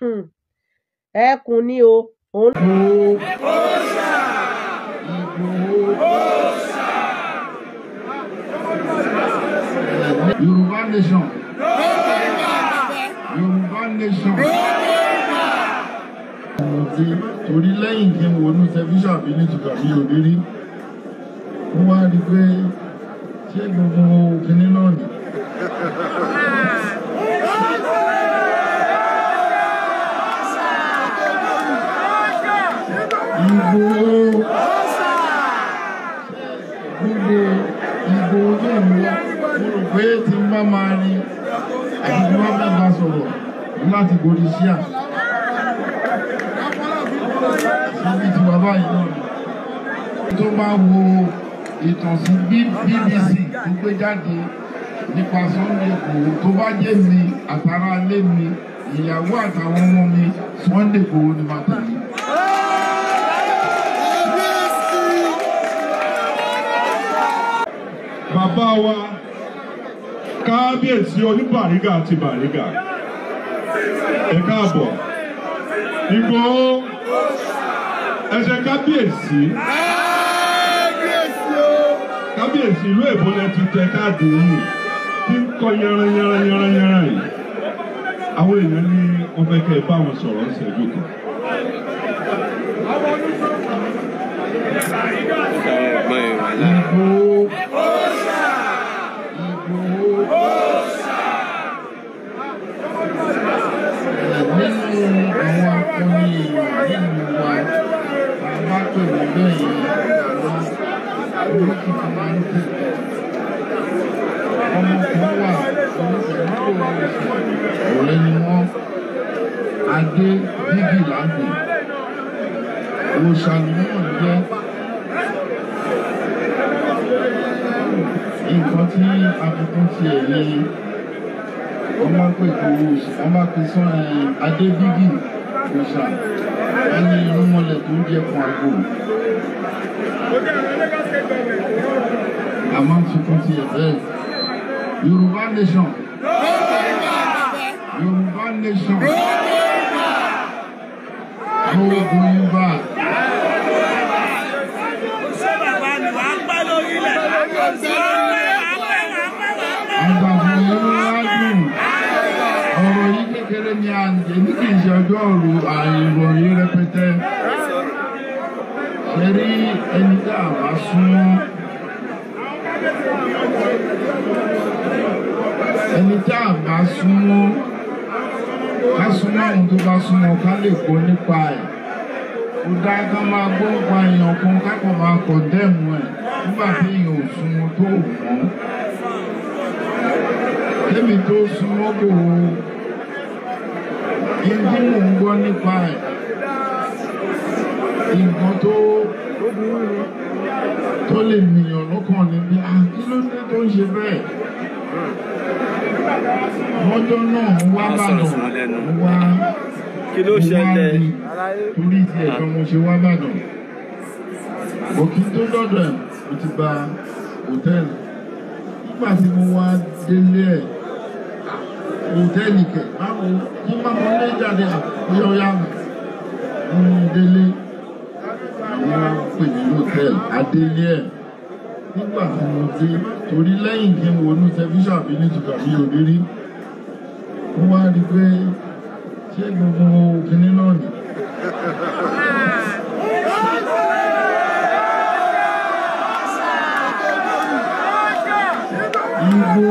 Hmm. ẹkùn ni o. torí lẹ́yìn kí n wọnú tẹlifíṣàn mi ní tìgbà mi wá rí i pé ṣé gbogbo kinní náà ni. máa rin àdìgbò wọn fẹ́ bá sọ̀rọ̀ láti borí ṣíà. Ibi tí bàbá yìí náà tó bá wo ìtàn sí BBC tó gbé jáde nípa Sunday Igboho tó bá jẹ́ mi àtàrà alé mi ìyàwó àtàwọn ọmọ mi Sunday Igboho ni màá tẹ̀lé. Bàbá wa kábíyèsí oníbàrígà àti bàrígà ẹ káàbọ̀ Ìgbòho ẹsẹ̀ kábíyèsí kábíyèsí ìlú èbó lẹ ti tẹ káàdì yìí tí ń kọ yẹran yẹran yẹran yẹran yìí àwọn èèyàn ní wọn fẹ́ bá wọn sọ̀rọ̀ ṣẹ́jú kan. ọ̀rẹ́ ni wọ́n adé bíbí láàbù òṣàlùmọ́ jẹ́ nǹkan tí àfikún ti ẹ̀yẹ wọ́n máa pè kó adé bíbí òṣàlùmọ́ ẹni ìrúnmọlẹ̀ tó ń jẹ́ fún àgbo. a máa ń sunkún sí ẹ̀fẹ́ Yorùbá nation Yorùbá nation. No Yoruba. ẹni tá a bá súnmọ́ ká súnmọ́ àwọn tó bá súnmọ́ ká lè gbọ́ nípa ẹ̀ kò dáa ká máa gbọ́ nípa èèyàn kan ká kàn máa kọ̀ dẹ́mu ẹ̀ nígbà tí èèyàn ò súnmọ́ tó ò mọ́ kémi tó súnmọ́ kò ó ìdí mò ń gbọ́ nípa ẹ̀ nǹkan tó tó lè mìyàn lọ́kàn ní bí a kí ló dé tó ń ṣe bẹ́ẹ̀ mọ́tò náà ń wá bàdàn ń wá kí ló ṣẹlẹ̀ torí ti ẹ̀kan mo ṣe wá bàdàn òkè tó dọ̀dọ̀ ẹ̀ mo ti ba hòtẹ́ẹ̀lì nígbà tí mo wá délé ẹ̀ hòtẹ́ẹ̀lì kẹ̀ báwo ní báwo lè jáde àkóyọ yá mi mo délé àwọn pè hòtẹ́ẹ̀lì adélé ẹ̀ nígbà tí mo dé torí lẹ́yìn kí n wọnú tẹlifíṣàn mi ní ìtura mi ò rírí mo wá rí i pé ṣé gbogbo kinní náà ni. Ìgbòho gbogbo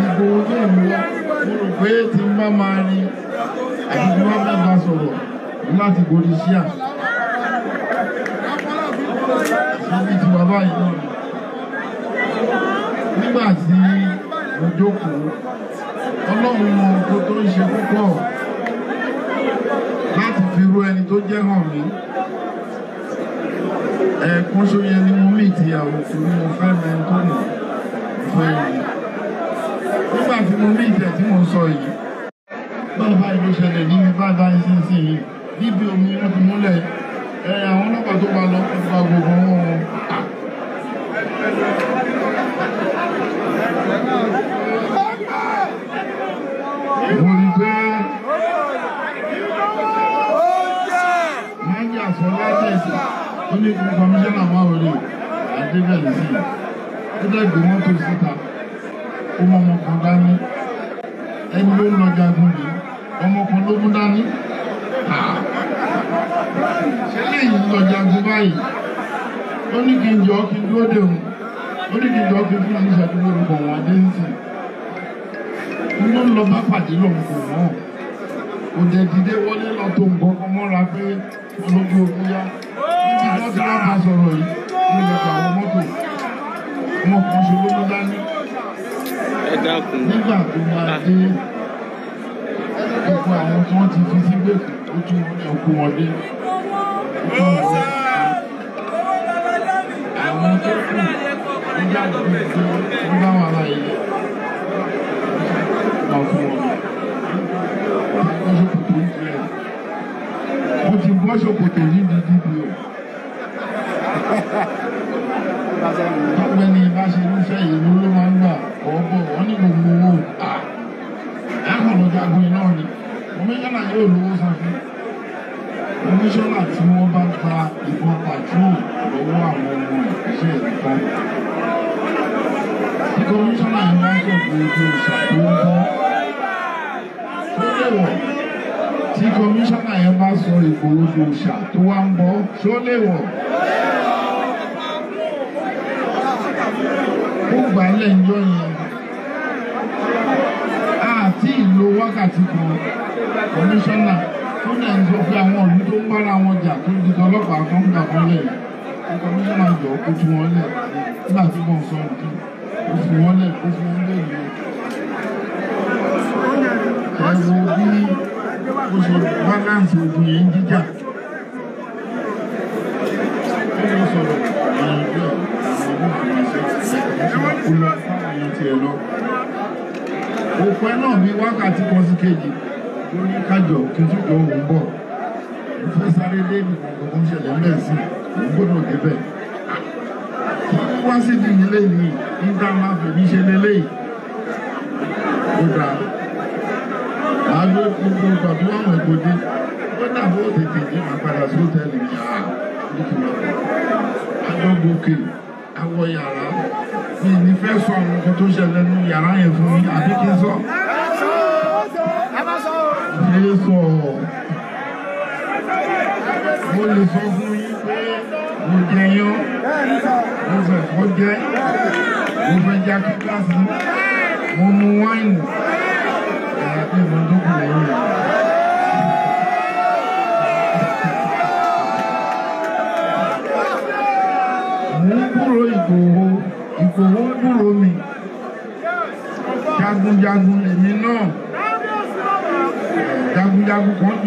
Ìgbòho tó ń lọ mo rò pé tí n bá máa rí àti tí bá bá sọ̀rọ̀ láti gorí síà. wá yìí náà nígbà tí mo jókòó ọlọ́run mọ ohun tó ń ṣe púpọ̀ láti fi ru ẹni tó jẹ́ hàn mí ẹ̀ẹ̀kan ṣoyẹ ni mo mí ìtìyàwó fún mi mo fẹ́ mẹ́rin tó nì fún ẹ̀yìn nígbà tí mo mí ìtẹ̀ tí mo sọ yìí bàbá ìlú ṣẹlẹ̀ níbi bàbá ìsinsìnyí níbi omi wọn fi múlẹ̀ ẹ̀ àwọn ọlọ́pàá tó bá lọ gba gbogbo wọn wọn ní kọmíṣánná máa wọlé àdébẹ̀lì sí ó dẹ̀ gbé mọ́tò síta ó mọ ọmọ kan dání ẹni ló ń lọ jagun ni ọmọ kan ló mú dání ṣé lè yí lọ jagun báyìí ó ní kí n jọ kí n dúró dé òun lórí ìjọ tó fún mi ṣàdúgbò orúkọ wọn adéǹsì wọn lọ bá pàdé lọ́nkọ náà kò dẹ̀ dìde wọlé lọ tó nǹkan kan mọ́ra pé ológun ogun yá níbi tí wọ́n ti bá sọ̀rọ̀ yìí ló lọ pa àwọn mọ́tò wọn kàn ṣe ló ló dání. nígbà tó máa dé gbogbo àwọn tí wọ́n ti fi sígbè ojú ẹ̀kú wọn dé. àwọn tó kù bá wà báyìí máa fún wọn bọ́ṣọ̀kòtò yìí mo ti bọ́ṣọ̀kòtò yìí di dídì o ọ̀gbẹ́ni ìbáṣe irúfẹ́ ìlú ló máa ń gbà ọgbọ wọn ní gbogbo owó à ẹkùn jagun iná ni kọmíṣánná yóò lówó san fún kọmíṣánná tí wọ́n bá gba ìbọn pàtró lọ́wọ́ àwọn ọmọ ìṣe ìdíkan. tí kọmíṣánná yẹn bá sọ Ìgbòho ṣòṣà tó wá ń bọ̀ ṣó lè wọ̀. ó gbà á lẹ́njọ́ yẹn àti ìlò wákàtí kan kọmíṣánná tó náà ń sọ pé àwọn ìlú tó ń bára wọn jà tó ń di ọlọ́pàá kan gbà kan lẹ̀ kọmíṣánná jọ ojú wọn lẹ̀ nígbà tí wọ́n sọ nǹkan oṣù wọn lẹ̀ oṣù wọn lẹ̀ yìí ẹ wo bí oṣù balance ogun yẹn ń jíjà ó lọ sọ̀rọ̀ èyí bí àwọn ọmọ ìfọwọ́sẹ̀ ó lọ fáwọn èèyàn tiẹ̀ lọ òpó náà bí wákàtí kan sí kejì ló ní kájọ kí n tún jọ òun bọ̀ ìfẹsàrẹ́lẹ́ nìkan kò ń ṣẹlẹ̀ mẹ́sì òun gbọ́dọ̀ débẹ̀ wá síbi ilé yìí ní tá a máa fèmí ṣe lélẹ́yìí ó dáa màá gbé gbogbo ìgbà tó wà wọ̀nyí kò dé ó dàbọ̀ ó tètè dé màá padà sí hòtẹ́ẹ̀lì yìí àá ní kí wọ́n fọ́ àjọgbókè àwọ̀ yàrá mi ní fẹ́ sọ àwọn nǹkan tó ṣẹlẹ̀ nínú yàrá yẹn fún mi àbí kí n sọ. Ilé sọ mo lè sọ fún yín pé mo jẹ yán ó jẹ́ mo fẹ́ já kí kíláàsì mo mu wáìnì ẹ̀yà pé mo dókòó lẹ́yìn rẹ̀. mo ń kúrò Ìgbòho Ìgbòho ń kúrò mi jagunjagun lèmi náà jagunjagun kan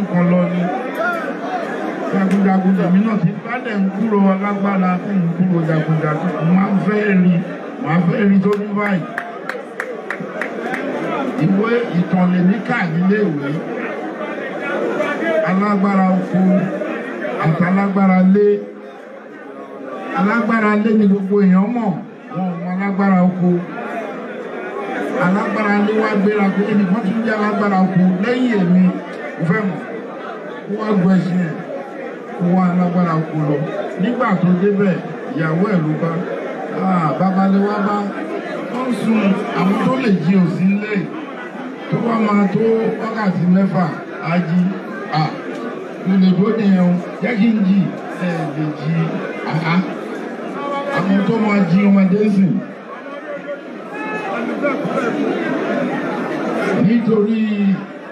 dẹ̀ ń alagbara alágbára tí jagunjagun rí rí tó ní báyìí. ìwé ní alágbára oko lé alágbára lé gbogbo èèyàn mọ̀ wọn ò mọ alágbára oko alágbára lé wá gbéra pé ẹnì kan tún wa alágbára kú n'igba nígbà tó débẹ̀ ìyàwó ẹ̀ ló bá babaléwá bá wọ́n sun àwọn tó lè jí òsì nílé tó wá máa tó wákàtí mẹ́fà ají aji, nìyẹn o jẹ́ kí n jí ẹ̀ lè jí àá àwọn tó máa jí ọmọdé sìn. nítorí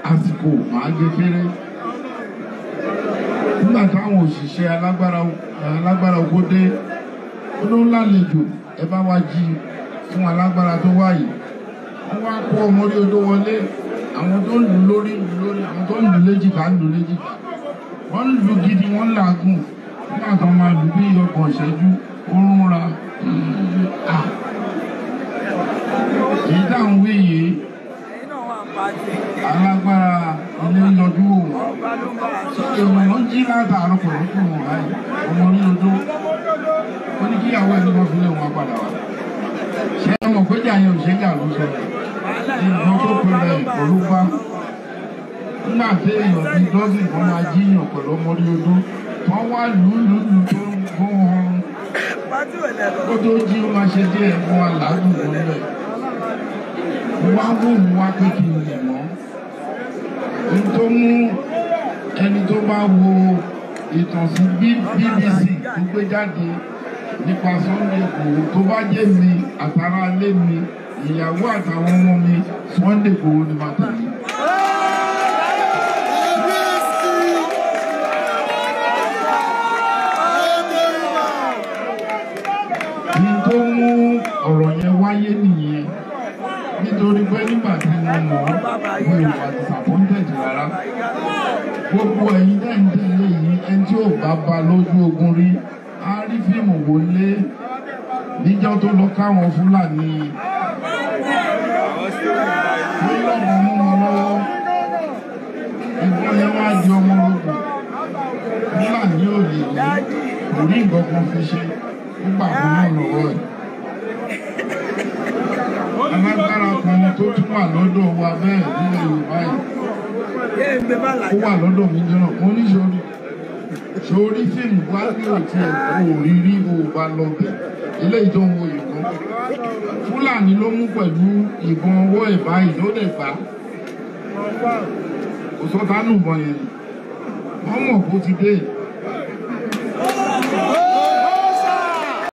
àsìkò màá fẹ́rẹ́. káwọn òṣìṣẹ́ alágbára owó dé olóńlàlejò ẹ bá wá jí fún alágbára tó wá yìí wọ́n wá kó ọmọ orí odó wọlé àwọn tó ń lù lórí lù lórí àwọn tó ń lù léjìká ń lù léjìká wọ́n ń lù gidi wọ́n ń làágùn nígbà tó máa lù bí ọkọ̀ ìṣẹ́jú ó ń ra èyí táwọn wí yìí alágbára ilé ń lọdún òun èèyàn jí látàárọ̀ kò ní kùn wọn báyìí ọmọ ń lọdún ó ní kíyàwó ẹni lọ fílẹ̀ wọn padà wá ṣé ẹ mọ̀ pé jà yẹn ò ṣe jà ló sọ ìbọn tó pẹ̀lẹ́ olúgbà nígbà tí èèyàn bíi dọ́sìn kan máa jíyàn pẹ̀lú ọmọdé ọdún wọ́n wá lùlùlù tó ń gún wọn ó tó bá wo ìtànsí BBC tó gbé jáde nípa Sunday Igboho tó bá jẹ́ mi àtàrà alé mi ìyàwó àtàwọn ọmọ mi Sunday Igboho ni màá tẹ̀lé. nítorí pé nígbà tí mo mọ̀ ọ́ mi ò wà disappointed rárá gbogbo ẹ̀yin bá lójú ogun rí á rí fíìmù wò lé níjọ́ tó lọ káwọn fúlàní fúlàní mú wọn lọ́wọ́ ìbọn yẹn wá di ọmọ ogun fúlàní ò lè yí kò rí nǹkan kan fi ṣe ó gbà fún náà lọ́wọ́ ẹ̀ alágbára kan tó tún wà lọ́dọ̀ wa bẹ́ẹ̀ nílẹ̀ Yorùbá yìí ó wà lọ́dọ̀ mi jẹ́ náà mo níṣẹ́ orí sórí fíìmù wá ní òtí ẹ̀kọ́ òrírí òòbá lọ́bẹ̀ ilé ìdánwò ìbọn fúlàní ló mú pẹ̀lú ìbọn ọwọ́ ẹ̀bá ìdódẹ̀gbá òsọ̀tánù bọ̀ yẹn wọ́n mọ̀ kó ti e, e dé